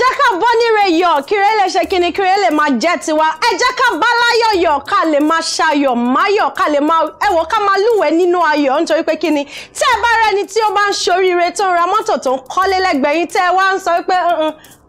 jẹ́ ká bọ́ níre yọ̀ kiri lè ṣe kíni kiri lè máa jẹ́ tiwa ẹ jẹ́ bá láyọ̀ yọ̀ ká lè máa ṣayọ̀ máyọ̀ ká lè máa ẹ̀wọ̀ ká máa lúwẹ̀ nínú ayọ̀ nítorí pé kíni tẹ́ ẹ bá rẹni tí ó bá ń ṣoríire tó ń ra mọ́tò tó ń kọ́lé lẹ́gbẹ̀ẹ́ yín tẹ́ ẹ wá ń sọ pé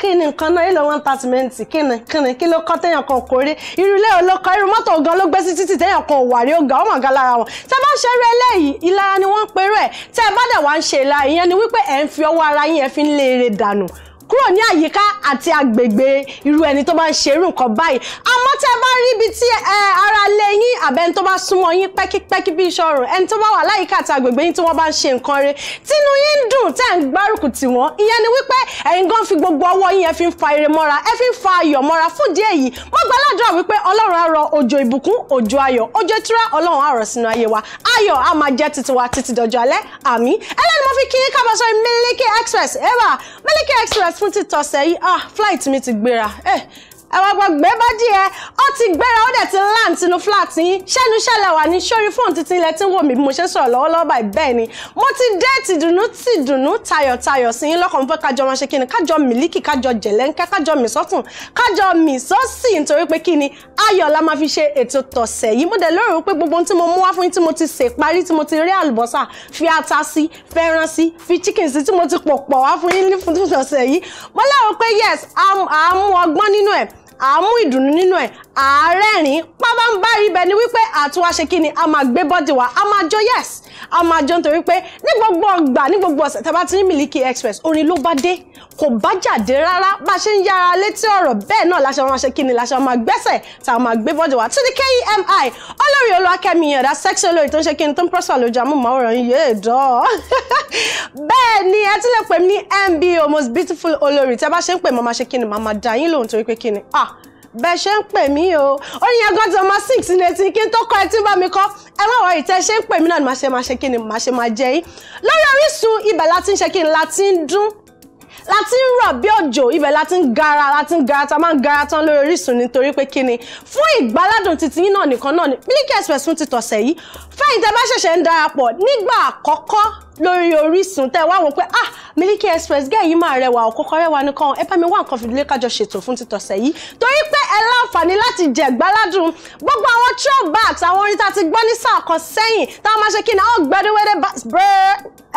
kí ni nǹkan náà ilẹ̀ wọn ta tìmẹ́ǹtì kí ni kí ni kí ló kọ́ téèyàn kan kò rí irú ilé òun ló kọ́ irú mọ́tò gan ló gbé sí títì téèyàn kan ò wà rí ọ̀gá ọmọ ọ̀gá lára wọn tẹ bá ń ṣe eré eléyìí ìlara ni wọ́n ń perú ẹ̀ tẹ bá dẹ̀ wá ń ṣe ìlara ìyẹn ni wípé ẹ̀ ń fi ọwọ́ ara yín ẹ̀ fi ń lé eré dànù kúrò ní àyíká àti agbègbè irú ẹni tó bá ń ṣe irú nǹkan báyìí àmọ́ tẹ́ bá rí ibi tí ara lé yín àbẹ́ni tó bá súnmọ́ yín pẹ́kípẹ́kí bí ìṣòro ẹni tó bá wà láyìíká àti agbègbè yín tí wọ́n bá ń ṣe nǹkan rẹ̀ tínú yín ń dùn tẹ́ ń gbárùkù tì wọ́n ìyẹn ni wípé ẹ̀yin gan fi gbogbo ọwọ́ yín ẹ fi ń fa ire mọ́ra ẹ fi ń fa ayọ̀ mọ́ra fún díẹ̀ yìí mo wa ayọ̀ á máa jẹ́ titi wa títí dọjọ́ alẹ́ Express ẹ̀ bá Express fún títọ́sẹ̀ yìí ah flight mi ti gbéra ẹ eh, ẹ wá gbọ́ gbé bá dí ẹ ó ti gbéra ó dẹ̀ ti land sínú flat yín ṣẹ́nu ṣẹlẹ̀ wà ní sórí fóònù títí ilẹ̀ tí ń wò mí bí mo ṣe sọ̀rọ̀ lọ́wọ́lọ́wọ́ báyìí bẹ́ẹ̀ ni mo ti dé tìdùnnú tìdùnnú tayọ̀tayọ̀ sí yín lọ́kàn mo fẹ́ kájọ máa ṣe kí ni kájọ mílíkì kájọ jẹ̀lẹ́ńkẹ́ kájọ mì sọ́tún kájọ mì sọ́sì nítorí pé kí ni ayọ̀ la máa fi ṣe ètò tọ̀sẹ̀ yìí mo dẹ̀ lérò pé gbogbo ohun tí mo mú wá fún yín tí mo ti sè parí tí mo ti rí àlùbọ́sà fi ata sí fẹ́ràn sí fi chicken sí tí mo ti pọ̀ wá fún yín ní fún tọ̀sẹ̀ yìí mo lérò pé yes àmú ọgbọ́n nínú ẹ̀ à á mú ìdùnnú nínú ẹ̀ à á rẹ́rìn-ín pábánbá rí bẹ́ẹ̀ ni wípé àtúwáṣe kí ni a máa gbé bọ́dì wa a máa jó yes a máa jọ nítorí pé ní gbogbo ọgbà ní gbogbo ọ̀sẹ̀ tẹ́ ti ní Miliki Express orin ló bá dé kò bá jáde rárá bá a ṣe ń yára létí ọ̀rọ̀ bẹ́ẹ̀ náà láṣẹ máa ṣe kí ni láṣẹ máa gbẹ́sẹ̀ tá a máa gbé bọ́dọ̀ wá títí KEMI olórí olúwakẹ́mi ìyànda section lórí tó ń ṣe kí ni tó ń pọ́sà lójú amóhùnmáwòrán yìí yéé dán ni ẹ ti lè pè mí ní MBO most beautiful olórí tẹ́ bá ṣe ń pè mọ́ máa ṣe kí ni màá máa dá yín lóhùn torí pé kí ni ah bẹ́ẹ̀ ṣe ń pè mí o orin yẹn gan ti ọmọ six ní etí kí n tó kọ etí bá mi kọ ẹ má wọrí tẹ ṣe ń pè mí náà ni màá ṣe máa ṣe kí ni màá ṣe máa jẹ yín lórí Orísun ibẹ̀ la ń ṣe kí ni la ń dún la ń rọ̀ bí òjò ibẹ̀ la ń gara la ń gara ta máa ń gara tán lórí Orísun nítorí pé kí ni fún ìgbáládùn titi yín náà nìkan náà ni Miliki Express fún ti tọ̀sẹ̀ yìí fẹ́yìn tẹ́ bá ṣẹ̀ṣẹ̀ ń darapọ̀ nígbà àkọ́kọ́ lórí Orísun tẹ́ wá wọn pé ah Miliki Express gẹ́ẹ̀ yìí máa rẹwà òkókó rẹwà nìkan ẹ bá mi wá nǹkan fìdílé kájọ ṣètò fún títọ̀sẹ̀ yìí torí pé ẹ láǹfààní láti jẹ gbáládùn gbogbo àwọn throwbacks àwọn orin tá a ti gbọ́ ní sáà kan sẹ́yìn táwọn máa ṣe kí ni àwọn gbẹdúwẹ́dẹ́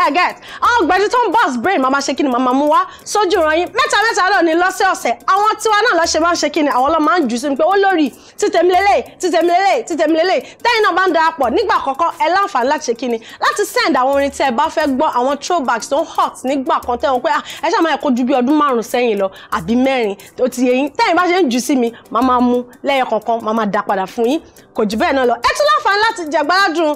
ẹ̀gẹ́t àwọn gbẹdú tó ń bọ́s brain máa máa ṣe kí ni màmá mú wá sójú ìran yín mẹ́ta mẹ́ta lọ ní lọ́sẹ̀ọ̀sẹ̀ àwọn tiwa náà lọ́ṣẹ̀ máa ń ṣe kí ni àwọn lọ́ máa ń jù sí pé ó lórí títẹ̀mílélẹ̀ títẹ̀mílélẹ̀ títẹ̀mílélẹ̀ tẹ́yìn náà bá ń darapọ̀ nígbà kọ̀ọ̀kan ẹ láǹfààní láti ṣe kí ni láti send àwọn orin tẹ́ ẹ bá fẹ́ gbọ́ àwọn throwbacks tó ń hot nígbà kan tẹ́wọ̀n pé ah, ẹ ṣáà máa kó ju bí ọdún márùn-ún sẹ́yìn lọ àbí mẹ́rin ó ti yẹ yín tẹ́yìn bá ṣe ń jù sí màá máa mú lẹ́yọ kọ̀ọ̀kan màá da dá padà fún yín kò jù bẹ́ẹ̀ náà lọ ẹ tún láǹfààní láti jẹ̀gbádùn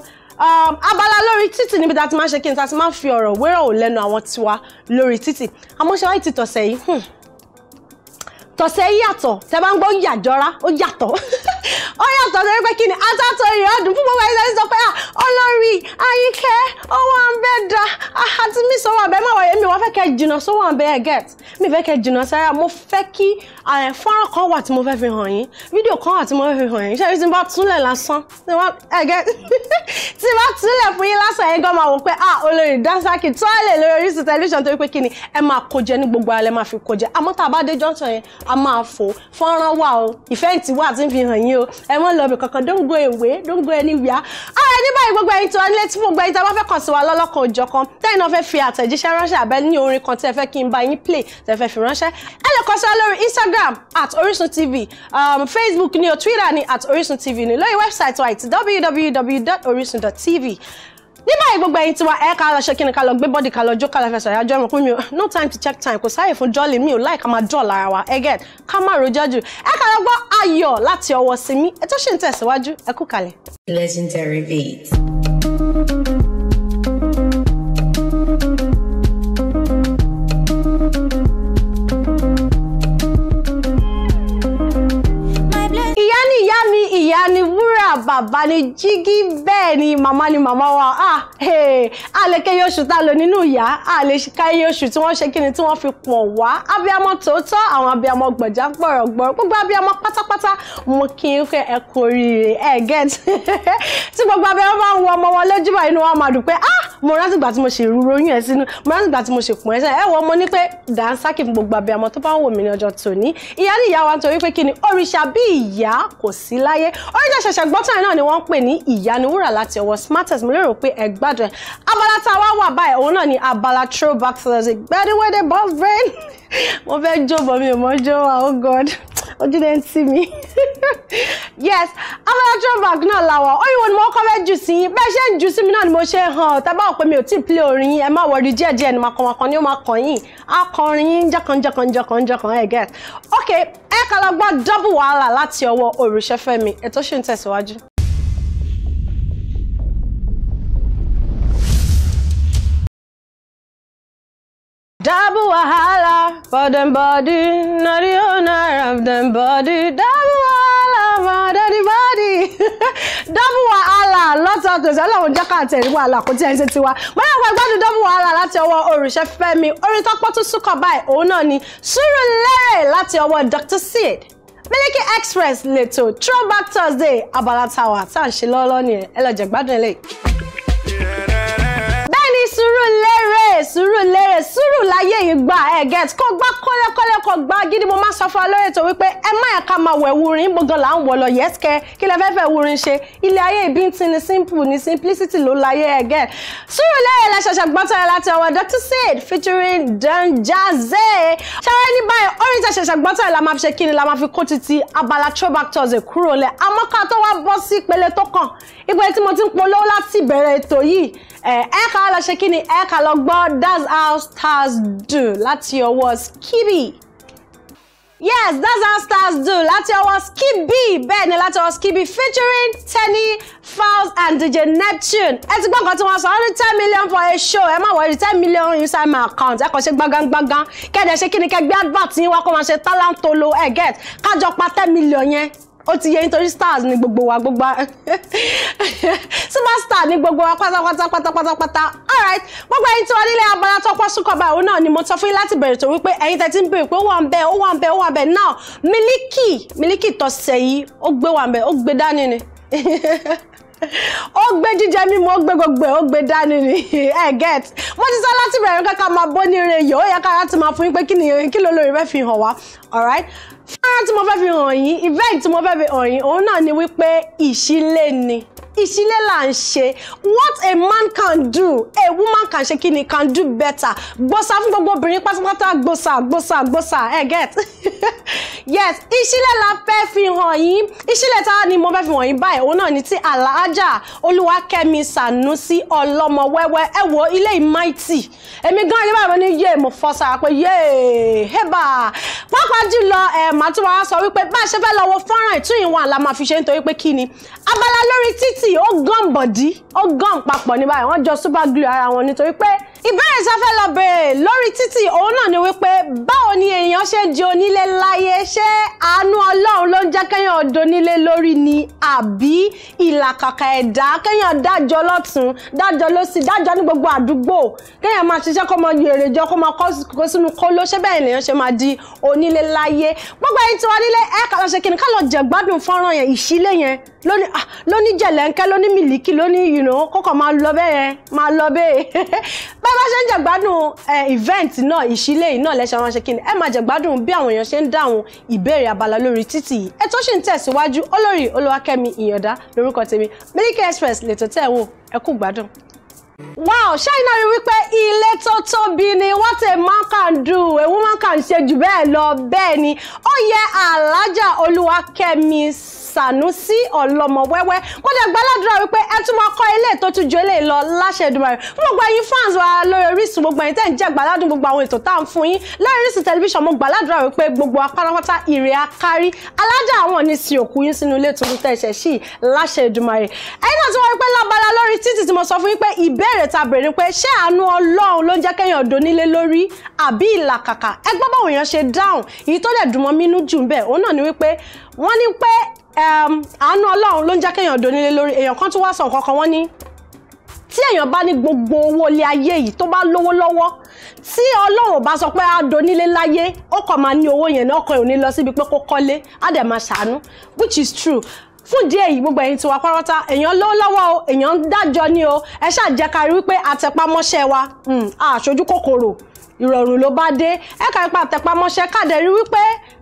um, abala lórí títì níbi tá a ti máa ń ṣe kí n ta ti máa ń fi ọ̀rọ̀ wérò lẹ́nu àwọn tiwa lórí títì àmọ́ ṣe wáyé ti tọ̀sẹ̀ yìí hmm. tọ̀sẹ̀ yìí yàtọ̀ tẹ́ bá ń gbọ́ yàjọ́ra ó yàtọ̀ ó yàtọ̀ torí pé kí ni atátó ìrìn ọdún fún gbogbo ẹ̀yìn sọ pé olórí Àyìnkẹ́ owó àǹbẹ̀ da àti mi sọ wà bẹ́ẹ̀ má wáyé mi wọ́n fẹ́ kẹ́ jìnnà sówó àǹbẹ̀ ẹ̀ get mi fẹ́ kẹ́ jìnnà sára mo fẹ́ kí fọ́nrán kan wà tí mo fẹ́ fi hàn yín fídíò kan wà tí mo fẹ́ fi hàn yín ṣé tí n bá túnlẹ̀ lásán tí n bá túnlẹ̀ fún yín lásán yẹn gan máa wò pé ah olórí Dasaki tọ́lẹ̀ lórí Orísun tẹlifíṣàn torí pé kí ni ẹ máa kojẹ ní gbogbo alẹ́ máa fi kojẹ àmọ́ tá a bá dé junction yẹn a máa fò fọ́nrán wà o ìfẹ́ǹtì wà tí ń fi hàn yín o ẹ mọ́ lọ́ọ̀bì kankan don't go away don't go anywhere. ara ní báyìí gbogbo ẹ̀yin tó ń létí fún gbogbo ẹ̀yin tí a bá fẹ́ kàn sí wa lọ́lọ́kan òjọ̀kan tẹ́yìn náà fẹ́ fi àtẹ̀jíṣẹ́ ránṣẹ́ àbẹ́ ní orin kan tí ẹ fẹ́ kí n bá yín play tẹ́ fẹ́ fi ránṣẹ́. ẹ lè kàn sí wa lórí Instagram at Orisun TV um, Facebook ni o Twitter ni at Orisun TV ni lórí website, wa ìtì www.orisun.tv ní báyìí gbogbo ẹ̀yin tiwa ẹ ká lọ ṣe kíni ká lọ gbé bọ́dì ká lọ jó ká lọ fẹsẹ̀ àyájọ́ ẹ̀rọ fún mi no time to check time kò sáàyè fún jọ́ọ̀lì mi ò láì ká máa jọ́ọ̀ lára wa ẹ gẹ́t ká má rojọ́ jù ẹ ká lọ gbọ́ ayọ̀ láti ọwọ́ sinmi ẹ tó ṣe ń tẹ̀síwájú ẹ kú kalẹ̀. legendary beat. bàbá ni jígí bẹ́ẹ̀ ni màmá ni màmá wa ah a lè kéye oṣù tá a lò nínú ìyá a lè káyé oṣù tí wọ́n ṣe kí ni tí wọ́n fi pọ̀n wá abiyamọ tòótọ́ àwọn abiyamọ gbọ̀njá gbọ̀rọ̀gbọ̀rọ̀ gbogbo abiyamọ pátápátá mo kí n fẹ́ ẹ kú oríire ẹ gẹ́t tí gbogbo abiyamọ bá ń wọ ọmọ wọn lójú báyìí ni wọ́n máa dùn pé ah mo rántí ìgbà tí mo ṣe ìrúró yín ẹ sínú mo rántí ìgbà tí mo ṣe pọ̀n ẹ sẹ́yìn ẹ wọ ọmọ ní pé dànsákì gbogbo abiyamọ tó bá ń wò mí ní ọjọ́ tòní ìyá ní ìyá wa nítorí pé kí ni òrìṣà bí ìyá kò sí láyé òrìṣà ṣẹ̀ṣẹ̀ gbọ́tàn náà ni wọ́n ń pè ní ìyanuwúrà láti ọwọ́ smartest mo lérò pé ẹ abala tá a wá wà báyìí òun náà ni abala throwback thursday gbẹ́dẹ́wẹ́dẹ́ bob brain mo fẹ́ jó bọ̀ mi ò mọ́ jó wa oh god ojú dẹ́ ń tì mí yes abala throwback náà làwọ̀ òyìnbó ni mo kọ́ fẹ́ jù sí yín bẹ́ẹ̀ ṣe ń jù sí mi náà ni mo ṣe hàn tábà ò pé mi ò tí ì pílé orin yín ẹ má wọrí díẹ̀ díẹ̀ ni màkànmàkàn ni ó máa kàn yín akọrin yín jọ̀kànjọ̀kànjọ̀kànjọ̀kàn ẹ̀ gẹ̀ ok ẹ kà lọ gbọ́ double wàhálà láti ọwọ́ Òrìṣẹ́fẹ́mi ètò ṣì ń tẹ̀síwájú. Double wahala for them body, not the owner of them body. Double wahala for them body. Double wahala lọ́tọ̀ gbèsè ọlọ́run jẹ́ káàtì ẹ̀rí wàhálà kò tí ẹ̀ ń ṣe tiwa. Bóyá wọ́n gbádùn double wahala láti ọwọ́ Oríṣẹ́fẹ́mi, orin tó pọ́n tún súnkàn báyìí, òun náà ni Sùúrùlérè láti ọwọ́ Dr. Seed. Miliki Express lètò Throwback Thursday abala tàwa tá à ń ṣe lọ́ọ́lọ́ nìyẹn ẹ lọ jẹ gbádùn eléyìí. sùúrù lérè sùúrù láyé yìí gbà ẹ gẹ̀t kó gbá kọ́lẹ́kọ́lẹ́ kó gbá gidi mo máa sọ fún alóyè tó wípé ẹ má yẹ ká máa wẹ̀ wurin gbọ̀ngàn là ń wọ̀ lọ yẹ́sìkẹ́ kí lẹ fẹ́ẹ́ fẹ́ wurin ṣe ilé ayé ìbí ti ni simple ni simplicity ló láyé ẹ gẹ̀t sùúrù lérè la ṣẹ̀ṣẹ̀ gbọ́tọ̀ láti ọwọ́ Dr. Seed featuring Danjazzy ṣáré ní báyìí orin tẹ̀ ṣẹ̀ṣẹ̀ gbọ́tọ̀ la máa fi ṣe kíni la máa fi kó titi abala throwback Thursday kúrò lẹ̀ àmọ́ ká tó wá bọ́ sí ìpele tó ti ń polówó láti bẹ̀rẹ̀ ètò yìí ẹ̀ that's how stars do láti ọwọ́ Skibi yes that's how stars do láti ọwọ́ Skibi bẹ́ẹ̀ ni láti ọwọ́ Skibi featuring Tenny Falz and DJ Neptune ẹ ti gbọ́ nǹkan tí wọ́n sọ only ten million for a show ẹ má wọrí ten million inside my account ẹ kàn ṣe gbangangbangan kẹ́ẹ̀dẹ̀ ṣe kí ni kẹ́gbẹ́ advert yín wá kó máa ṣe talentolo ẹ get kájọ pa ten million yẹn ó ti yẹ nítorí stars ni gbogbo wa gbogbo superstar ni gbogbo wa pátápátá pátápátá alright gbogbo ẹyin tí wọ́n nílé abala tọ́pọ́ súnkọ̀bá òun náà ni mo sọ fún yín láti bẹ̀rẹ̀ tó wípé ẹyin tẹ́tí ń bèrè pé ó wà ń bẹ ó wà ń bẹ ó wà ń bẹ náà mílíkì mílíkì tọ̀sẹ̀ yìí ó gbé wà ń bẹ ó gbé dání ni ó gbé jíjẹ mímu ó gbé gbogbo ẹ ó gbé dání ni ẹ get mo ti sọ láti bẹ̀rẹ̀ kẹ́kẹ́ máa bó ní ire yìí ó yẹ ká láti máa fún yín pé kí ni kí ló lórí fẹ́ fi hàn wá alright fúnra tí mo fẹ́ fi hàn yín event tí mo fẹ́ fi hàn yín òun náà ni wípé ìṣílẹ̀ ni ìṣílé là ń ṣe what a man can do a woman can ṣe kí ni can do better gbọ́sà fún gbogbo obìnrin pátápátá gbọ́sà gbọ́sà gbọ́sà ẹ get yes ìṣílé la fẹ́ fi hàn yín ìṣílé tá ni mo fẹ́ fi hàn yín báyìí òun náà ni ti àlàájà olúwakẹ́mi sànúsí ọlọ́mọ wẹ́wẹ́ ẹ wo ilé ìmáìtì èmi gan ilé báyìí mo ní yé mo fọ́ sára pé yé hébà pàápàá jùlọ ẹ̀ màá tún wá sọ wípé bá a ṣe fẹ́ lọ wo fọ́nrán ìtúyìnwá la máa fi ṣe nítorí pé kí ni abala lórí títì ó gàn bọ̀dí ó gàn papọ̀ ní báyìí wọ́n jọ super glue ara wọn nítorí pé ìbéèrè tá a fẹ́ lọ bèèrè lórí títì òun náà ni wípé báwo ni èèyàn ṣe ń di onílé láyé ṣé àánú ọlọ́run ló ń jẹ́ kéèyàn ọdọnílé lórí ni àbí ìlàkàkà ẹ̀dá kéèyàn dájọ́ lọ́tún dájọ́ lọ́sì dájọ́ ní gbogbo àdúgbò kéèyàn máa ṣiṣẹ́ kó mọ èrè jọ kó mọ kó sínú kóló ṣé bẹ́ẹ̀ lèèyàn ṣe máa di onílé láyé gbogbo ẹ̀yin tí wọ́n nílé ẹ̀ kà lọ ṣe kí ni ká lọ jẹ̀gbádùn fọ́nrán yẹn ìṣílé yẹn lóní ah, jẹ̀lẹ́ńkẹ́ lóní mìlíkì lóní ìrìnà kókò máa lọ bẹ́ẹ̀ máa lọ bẹ́ẹ̀ bá bá ṣe ń jẹ̀gbádùn event náà ìṣílé yìí náà lẹ́sẹ̀ ránṣẹ́ kí ni ẹ máa jẹ̀gbádùn bí àwọn èèyàn ṣe ń dáhùn ìbéèrè abala lórí títì yìí ètò ṣì ń tẹ̀síwájú olórí olúwakẹ́mi ìyàndá lórúkọ tèmi Miliki Express lètò tẹ̀ wò ẹ kú gbádùn. wow ṣáínà rí wípé tó tóbi ni what a man can do a woman can ṣe jù bẹ́ẹ̀ lọ bẹ́ẹ̀ ni ó yẹ alájà olúwakẹ́mi sànúsí ọlọ́mọ wẹ́wẹ́ mo dẹ̀ gbàládùra wípé ẹ tún máa kọ́ ilé tó tún ju eléyìí lọ láṣẹ Èdùmàrè fún gbogbo ẹ̀yin fans wa lórí Orísun gbogbo ẹ̀yin tẹ́ ń jẹ́ gbàládùn gbogbo àwọn ètò tá à ń fún yín lórí Orísun tẹlifíṣàn mo gbàládùra wípé gbogbo apárápátá ìrè akárí alájà àwọn ní sí òkú yín sínú ilé tuntun tẹ́ ṣẹ̀ sí láṣẹ Èdùmàrè ẹ̀yin náà tí wọ́n rí lábala lórí títì tí mo sọ fún yín pé ìbéèrè ta bèrè ni pé ṣé àánú Ọlọ́run òun ló ń jẹ́ kéèyàn donílé lórí àbí ìlàkàkà ẹ báwọn èèyàn ṣe dáhùn èyí tó dẹ̀ dùnmọ́ mínú jù ń bẹ̀ òun náà ni wípé wọ́n ní pé àánú ọlọ́run ló ń jẹ́ kéèyàn donílé lórí èèyàn kan tún wá sọ nǹkan wọ́n ní tí èèyàn bá ní gbogbo owó ilé ayé yìí tó bá lówó lọ́wọ́ tí ọlọ́run bá sọ pé á donílé láyé ó kàn máa ní owó yẹn ní lọ which is true fún díẹ̀ yìí gbogbo ẹ̀yin tiwa párọ́tà èèyàn ló lọ́wọ́ o èèyàn ń dájọ́ ni o ẹ ṣáà jẹ́ ká rí wípé àtẹ̀pámọ́ṣẹ́ wa àṣojú hmm, kòkòrò ìrọ̀rùn ló bá dé ẹ kà ń pa àtẹ̀pamọ́ṣẹ́ káàdẹ̀ rí wípé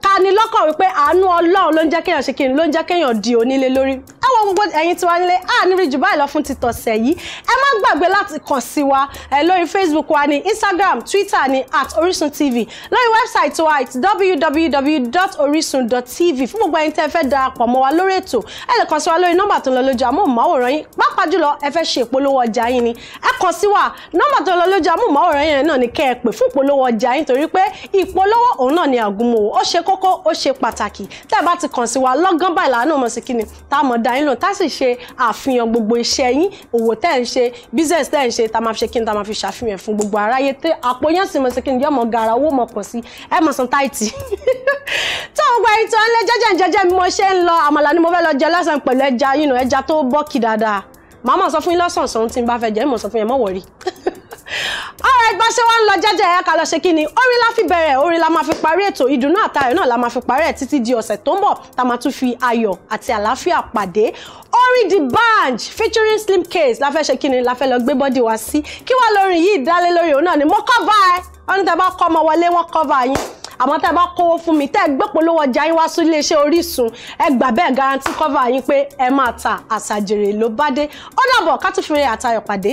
ká ní lọ́kàn wípé àánú ọlọ́run ló ń jẹ́ kéèyàn ṣe kí ni ló ń jẹ́ kéèyàn di onílé lórí ẹ wọ gbogbo ẹ̀yin tiwa nílé a ní rí jù báyìí lọ fún ti tọ̀sẹ̀ yìí ẹ má gbàgbé láti kàn sí wa ẹ lórí facebook wa ní instagram twitter ní at orisun tv lórí wẹ́bsáìtì wa it's www.orisun.tv fún gbogbo ẹ̀yin tẹ́ ẹ fẹ́ darapọ̀ mọ́ wa lórí ètò ẹ lè kàn sí wa lórí nọ́mbà tó ń lọ lójú amóhùnmáwòrán yín pàápàá jùlọ ẹ fẹ́ ṣe ìpolówó ọjà yín ni ẹ kàn sí wa nọ́mbà tó ń lọ lójú ìpolówó ọjà yín torí pé ìpolówó òun náà ni àgúnmọ̀wò ó ṣe kókó ó ṣe pàtàkì tẹ́ ẹ bá ti kàn sí wa lọ́gán báyìí làánú ọmọ sí kíni tá a mọ̀ dá yín lò tá a sì ṣe àfihàn gbogbo iṣẹ́ yín òwò tẹ́ ń ṣe business tẹ́ ń ṣe tá a máa fi ṣe kíni tá a máa fi ṣàfihàn fún gbogbo aráyé tẹ́ àpò yẹn sì mọ̀ sí kíni yọ gara owó mọ̀ pọ̀ sí ẹ̀ mọ̀ san táìtì tó ń gba ìtàn ńlẹ jẹjẹ mọ̀ sọ fún yín lọ́sàn sọ̀hún tí n bá fẹ́ jẹ́ mọ̀ sọ fún yín mọ̀ wọ̀rí ọ̀rọ̀ ẹgbà ṣé wàá ń lọ jẹ́jẹ́ ẹ̀yà ká lọ ṣe kí ni orin la fi bẹ̀rẹ̀ orin la máa fi parí ètò ìdùnnú àtayọ̀ náà la máa fi parí ẹ̀ títí di ọ̀sẹ̀ tó ń bọ̀ tá a máa tún fi ayọ̀ àti àlàáfíà pàdé orin D'banj featuring Slimcase la fẹ́ ṣe kí ni la fẹ́ lọ gbé bọ́dì wá sí kí wàá lórin yìí dálé lórí òun náà ni mo kọ́ bá ẹ wọ́n ní tẹ́ bá kọ́ ọmọ wọlé wọ́n kọ́ bá yín àmọ́ tẹ́ bá kówó fún mi tẹ́ gbé polówó ọjà yín wá sí iléeṣẹ́ Orísun ẹ gbà bẹ́ẹ̀ garanti cover yín pé ẹ máa ta àṣàjèrè ló bá dé ó dàbọ̀ ká tún fi àtayọ̀ pàdé.